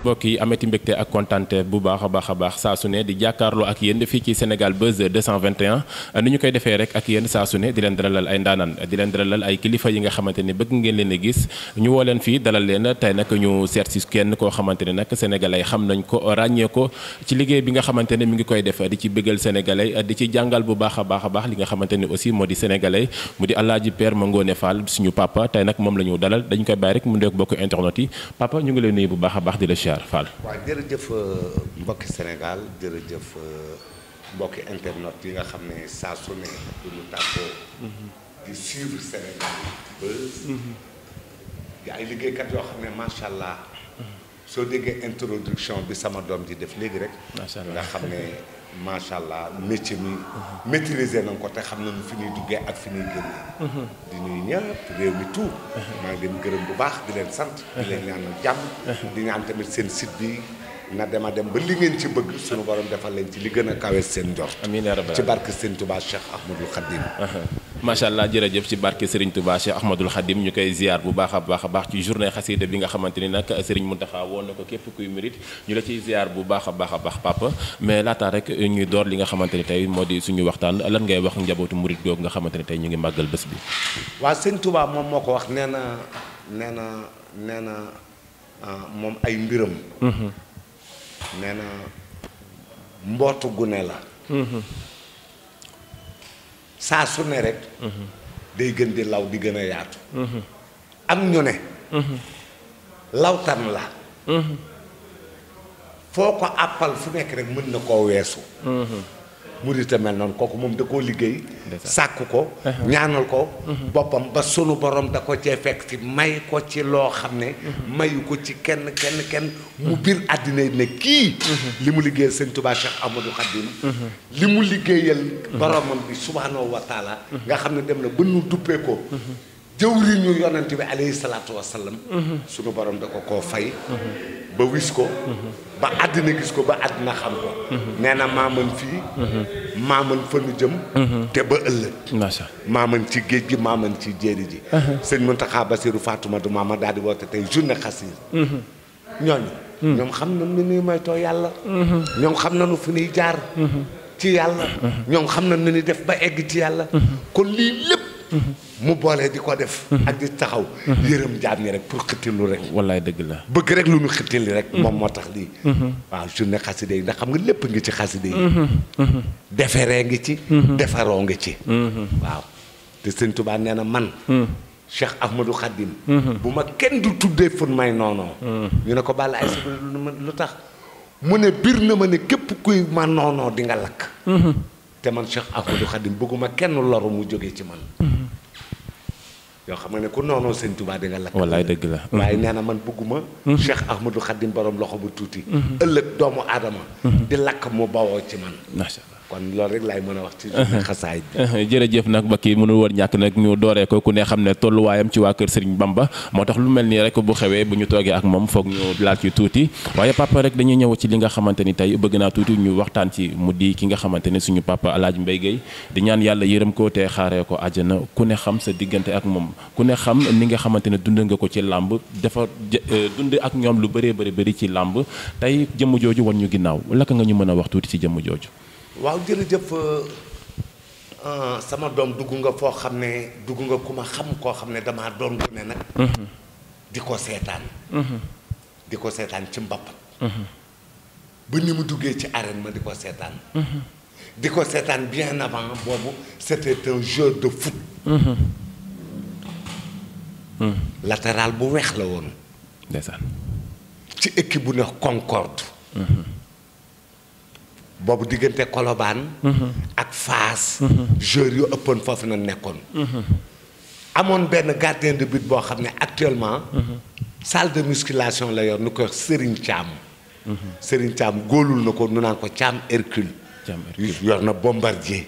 mbokk yi amati mbégte ak kontante bu baax a baax a baax saa su ne di jàkkaarloo ak yéen fii ci Sénégal Buzz 221 ni ñu koy defee rek ak yenn saa su ne di leen dalalal ay ndaanaan di leen dalalal ay kilifa yi nga xamante ne bëgg ngeen leen a gis ñu woo leen fii dalal leen tey nag ñu seet si kenn koo xamante ne nag sénégalais xam nañ ko ràññee ko ci liggéey bi nga xamante ne mi ngi koy def di ci bëggal sénégalais di ci jàngal bu baax a baax a baax li nga xamante ne aussi moo di sénégalais mu di Alaaji Père Mangone Fall moom la ñu dalal dañu koy bàyyi rek mu ndek bokk baax a siyaar Fall. waaw jërëjëf euh, mbokki Sénégal jërëjëf euh, mbokki internet yi nga xam ne saa su ne tàggoo mm-hmm. di suivre Sénégal Buzz. di mm-hmm. ay liggéeykat yoo xam ne macha allah. soo déggee introduction bi sama doom di def léegi rek. macha allah nga xam ne macha allah métier mi. maîtriser nañ ko te xam nañu fi ñuy duggee ak fi ñuy génnee. Mhm. di nuyu tu réew mi tout. Mhm. maa ngi leen gërëm bu baax di leen sant. di leen ñaanal jàmm. Mhm. di ñaan tamit seen site bi. na dema dem ba li ngeen ci bëgg suñu borom defal leen ci li gën a kawe seen njort ci barke Serigne Touba Cheikh Ahmadoul Khadim uh-huh. macha allah jërëjëf ci barke Serigne Touba Cheikh Ahmadoul Khadim ñu koy a baax a ci journée xasida bi nga xamante ni na ko képp kuy mérite ñu la ciy bu baax a baax a baax papa mais laata rek ñuy door li nga xamante ni tey moo di suñu waxtaan lan ngay wax njabootu murit googu nga xamante ni tey ñu ngi màggal bés bi waaw Serigne Touba moom moo ko wax nee na nee na nee na ah, moom ay mbiram uh-huh. nee mbootu gune la mm-hmm. saa su ne rek mm-hmm. day gën di law di gën a yaatu mm-hmm. am ñu ne lawtan la foo ko àppal fu nekk rek mën na koo weesu murite mel noonu kooku moom da koo liggéey sàkk ko uh-huh. ñaanal ko uh-huh. boppam ba sunu borom da ko cee fekk ci may ko ci loo xam ne uh-huh. mayu ko ci kenn kenn kenn mu biir àddina yi ne kii li mu liggéeyal sëñ Tuubaa Cheikh Ahmadou Khadim li mu liggéeyal boromam bi subhaanahu wa taala nga xam ne dem na ba nu duppee ko jëwriñu yonent bi alayhi salaatu wa sunu borom da ko koo fay ba wis ko ba àddina gis ko ba àddina xam ko nee na maa mën fii maa mën fa nu jëm te ba ëllëg maa mën ci géej gi maa mën ci jéeri ji uh-huh. sëñ Mountakha Bassirou Fatoumata Mame daal di woote tey journée xasida uh-huh. ñooñu uh-huh. ñoom xam na nu ñuy moytoo yàlla ñoom xam nañu fu ñuy jaar ci yàlla ñoom xam na nu ñuy def ba egg ci yàlla kon lii lépp mu boole di ko def. ak di taxaw. yërëm jaam ñi rek pour xëttilu rek. wallaay dëgg la bëgg rek lu ñu xëttili rek. moom moo tax lii. waaw journée xaside yi ndax xam nga lépp ngi ci xaside yi. deferee ngi ci. defaroo ngi ci. waaw te sëñ Tuubaa nee na man. Cheikh Ahmadou Khadim. bu ma kenn du tuddee fun may noonoo. ñu ne ko Balla ay si lu tax mu ne biir na ma ne képp kuy ma noonoo di nga lakk. Mhm. te man Cheikh Ahmadou Khadim bëgguma kenn loru mu jógee ci man. yoo xam nga ne ku noonoo sëñ Tuubaa di nga lakk. wallaay dëgg la waaye mhm. nee na man bëgguma mhm. Cheikh Ahmadou Khadim borom loxo bu tuuti. Mhm. ëllëg doomu aadama. di lakk mu bawoo ci man. macha kon loolu rek laay mën a wax ci xasaayit jërëjëf nag ba kii mënul woon ñàkk nag ñu dooree ko ku ne xam ne tolluwaayam ci waa kër Serigne Bamba moo tax lu mel nii rek bu xewee bu ñu toogee ak moom foog ñu laal ci tuuti waaye papa rek dañuy ñëw ci li nga xamante ni tey bëgg naa tuuti ñu waxtaan ci mu di ki nga xamante ni suñu papa alaaj Mbaye Gueye di ñaan yàlla yërëm koo te xaaree ko àjjana ku ne xam sa diggante ak moom ku ne xam ni nga xamante ne dund nga ko ci làmb dafa euh, dund ak ñoom lu bëree bëri bëri ci làmb tey jëmm jooju wan ñu ginnaaw lakk nga ñu mën a wax tuuti ci jëmm jooju waaw jërëjëf euh, euh, sama doom dugg nga foo xam ne dugg nga ku ma xam koo xam ne damaa doon ku ne nag. Mhm. di ko seetaan. Mhm. di ko seetaan ci mbappat. Mhm. ba ni mu duggee ci arène ma di ko seetaan. di ko seetaan bien avant boobu c'était un de foot. latéral bu weex la woon. ndeysaan. ci équipe bu ne Concorde. boobu diggante Colobane mm-hmm. ak Fass mm-hmm. joueurs yu ëppoon foofu na nekkoon mm-hmm. amoon benn gardien de but boo xam ne actuellement salle de musculation la yor nu ko Serigne Thiam Serigne Thiam góolul na ko nu naan ko Thiam Hercule yor na bombardier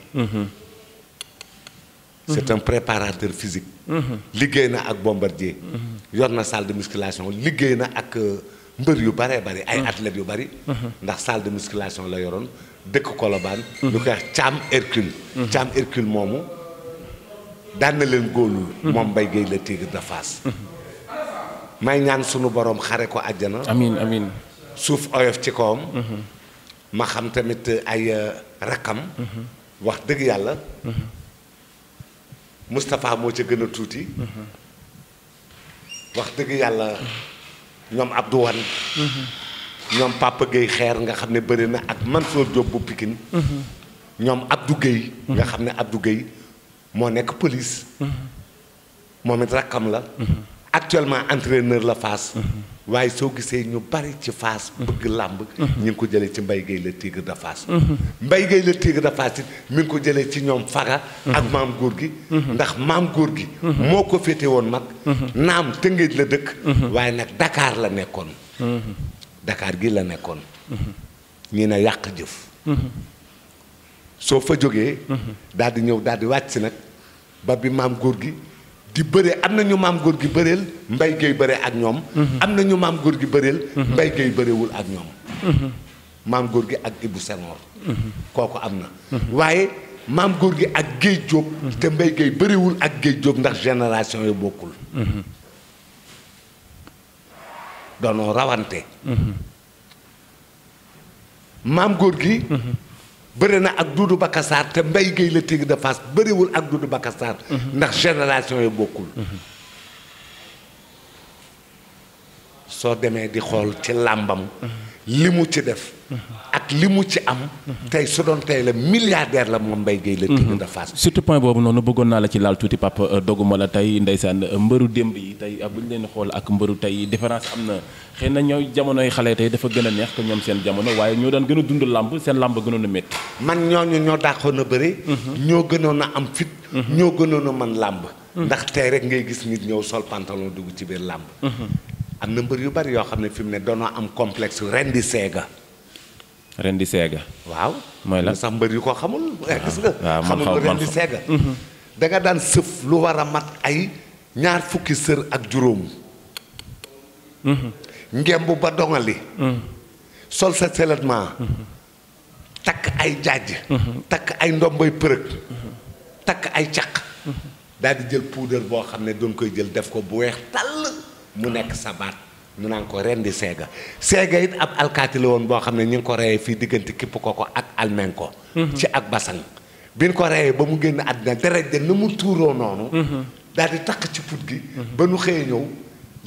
c'est un préparateur physique liggéey na ak bombardier yor na salle de musculation liggéey na ak euh, mbër yu baree bari ay mm. athlètes yu bari. Mm-hmm. ndax salle de musculation la yoroon dëkk Colobane. ñu koy wax Thiam Hercule. Mm-hmm. Thiam Hercule moomu daan na leen góolul. moom mm-hmm. bay Guèye la Tigre de Fass. may ñaan sunu boroom xare ko àjjana. amiin amiin suuf oyof ci kawam. ma xam tamit ay euh, rakkam. wax dëgg yàlla. Moustapha moo ci gën a tuuti. wax dëgg yàlla. ñoom Abdou Wane ñoom Papa Gueye xeer nga xam ne bëri na ak Mansour Diop bu Pikine ñoom Abdou Gueye nga xam ne Abdou Gueye moo nekk police moom it rakkam la actuellement entraîneur la Fass waaye soo gisee ñu bari ci Fass bëgg làmb ñi ngi ko jëlee ci mbay Gueye le Tigre de Fass Mbaye Gueye le mi ngi ko jëlee ci ñoom Faga ak maam góor gi ndax maam góor gi moo ko féete woon mag naam Tëngéej la dëkk waaye nag dakaar la nekkoon Dakar gi la nekkoon ñi ne yàq jëf soo fa jógee daldi ñëw daal di wàcc nag ba bi maam góor gi di bëre am na ñu maam góor gi bëreel hmm? mbay géey bëre ak ñoom hmm. am na ñu maam góor gi bëreel hmm. mbay géey bërewul ak ñoom maam góor gi ak Ibou Senghor kooku am na waaye maam góor gi ak géej jóob te mbay géey bëriwul ak géej jóob ndax génération yi bokkul doonoo rawante maam góor gi bëri na ak Doudou Bakassar te mbay Gueye la Tigre de Fass bëriwul ak Doudou Bakassar mhm. ndax génération yi bokkul mhm. soo demee di xool ci làmbam mhm. li mu ci def ak li mu ci am. tey su doon tey la milliardaire la moom Mbaye Gueye la. Mhm. Tigre de Fass. surtout point boobu noonu bëggoon naa la ci laal tuuti papa euh, doguma la tey ndeysaan euh, mbëru démb yi tey euh, bu ñu leen xool ak mbëru tey différence am na xëy na ñooy jamonoy xale tey a neex que ñoom seen jamono waaye ñoo daan gën a dund làmb seen làmb gënoon a métti. man ñooñu ñoo dàqoon a mhm. ñoo gënoon a am fit. Mhm. ñoo gënoon a man làmb. ndax tey rek ngay gis nit ñëw sol pantalon dugg ci biir làmb. am na mbër yu bari yoo xam ne fi mu ne doonoo am complexe ren di seega ren di seega. waaw mooy la sax mbër yu ko xamul. Eh, gis nga xamul ko di seega. Mhm. danga daan sëf lu war a mat ay ñaar fukki sër ak juróom. Mhm. ngemb ba dongali. Mhm. sol sa seulement. takk ay jaaj. takk ay ndombay përëg. takk ay caq. daal di jël puudar boo xam ne doon koy jël def ko bu weex tàll mu nekk sa ñu naan ko ren di seega seega it ab alkaati la woon boo xam ne ñu ngi ko reyee fii diggante kipp ko ko ak almen ko mhm. ci ak basan bi ñu ko reyee ba mu génn àddina deret ja na mu tuuroo noonu mhm. daal di takk ci put gi mhm. ba nu xëyee ñëw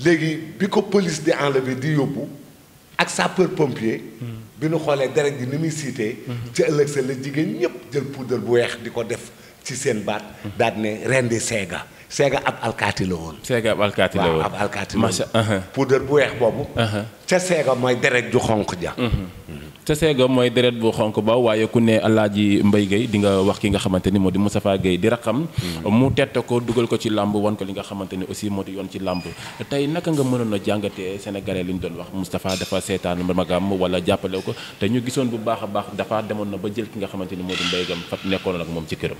léegi bi ko police di enlever di yóbbu ak sapeur pompier bi nu xoolee deret ji ni muy siitee ci ëllëg sa la jigéen ñëpp jël puudar bu weex di ko def ci seen baat daal ne rendi seega seega ab alkaati la woon seega ab alkaati la woon ab alkaati la woon bu weex boobu uh-huh. ca seega mooy deret ju xonq ja uh-huh. ca seega mooy deret bu xonq ba waaye ku ne Alaaji Mbaye Gueye di nga wax ki nga xamante ni moo di Moustapha Gueye di raxam hmm. mu tette ko dugal ko ci làmb wan ko li nga xamante ni aussi moo di yoon ci làmb tey naka nga mën a jàngatee sénégalais li ñu doon wax Moustapha dafa seetaan magam wala jàppale ko te ñu gisoon bu baax a baax dafa demoon na ba jël ki nga xamante ni moo di Mbaye Gueye fa ak moom ci këram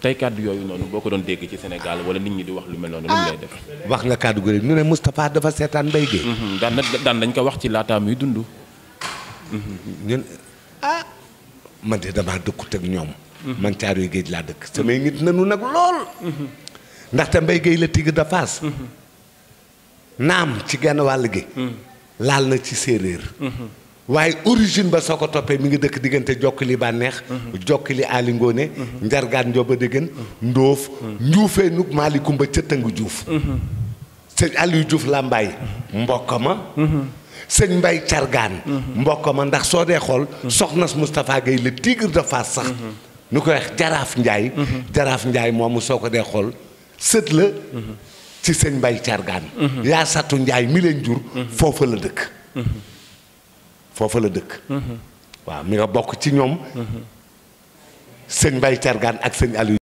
tey kàddu yooyu noonu boo ko doon dégg ci Sénégal wala nit ñi di wax lu mel noonu lu mu lay def. Ah, wax nga kàddu gu ñu ne Moustapha dafa seetaan Mbaye Guèye. Mm-hmm. daan na dañ ko wax ci laata muy dund. Mm-hmm. ñun ah man de damaa dëkkut ak ñoom. Mm-hmm. man Caaroy Géej laa dëkk samay nit nanu nag lool. ndaxte mbay Guèye la Tigre de naam ci genn wàll gi. laal na ci séeréer. waaye origine ba soo ko toppee mu ngi dëkk diggante jokkili bànneex jokkili aali ngoone njargaan njoba déggan ndóof njuufee nug maali kumba cëttangu juuf sëñ Aliou Diouf làmbaay mbokk ma sëñ Mbay cargaan mbokk ma ndax soo dee xool soxna Moustapha Gueye le tigre de sax nu ko wax jaraaf njaay jaraaf njaay moomu soo ko dee xool sët la ci sëñ Mbay cargaan yaa satu njaay mi leen jur foofa la dëkk foofu la dëkk. Mm-hmm. waaw mi nga bokk ci ñoom. Mm-hmm. sëñ Mbaye Thiergane ak sëñ Aliou.